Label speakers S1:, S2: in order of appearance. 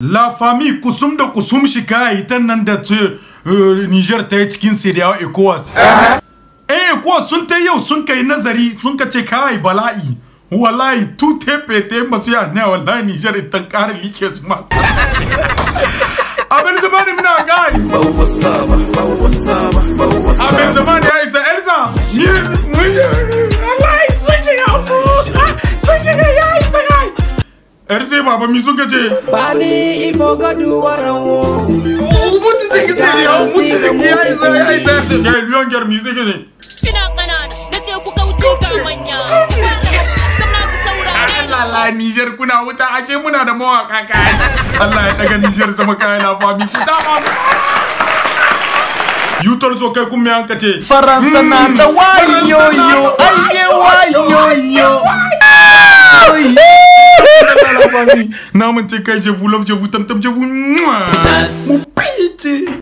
S1: La famille kusum da kusum shika hitan nan da ce Niger ta yi cikin Sidiyawa ECOWAS. Eh ECOWAS sun ta yau sun kai nazari sun ka ce kai bala'i. Wallahi tu tepe te masu ne wallahi Niger ta ƙara like
S2: Erse baba mi sun kace. Bani ifo gadu warawo. Mutu ce ki ce ya mutu ce ki ya isa ya isa.
S3: Ga lion gar mi sun kace.
S4: Kina kana na ce ku kauce ga manya. Allah
S3: Niger kuna wuta ashe muna da mawaka kai. Allah ya daga Niger sama kai na fami ku ta
S1: Yutar zo kai kuma me an
S3: Faransa
S4: na da hmm, wayo yo.
S5: Now I'm gonna take care of you, love you, tap tap you.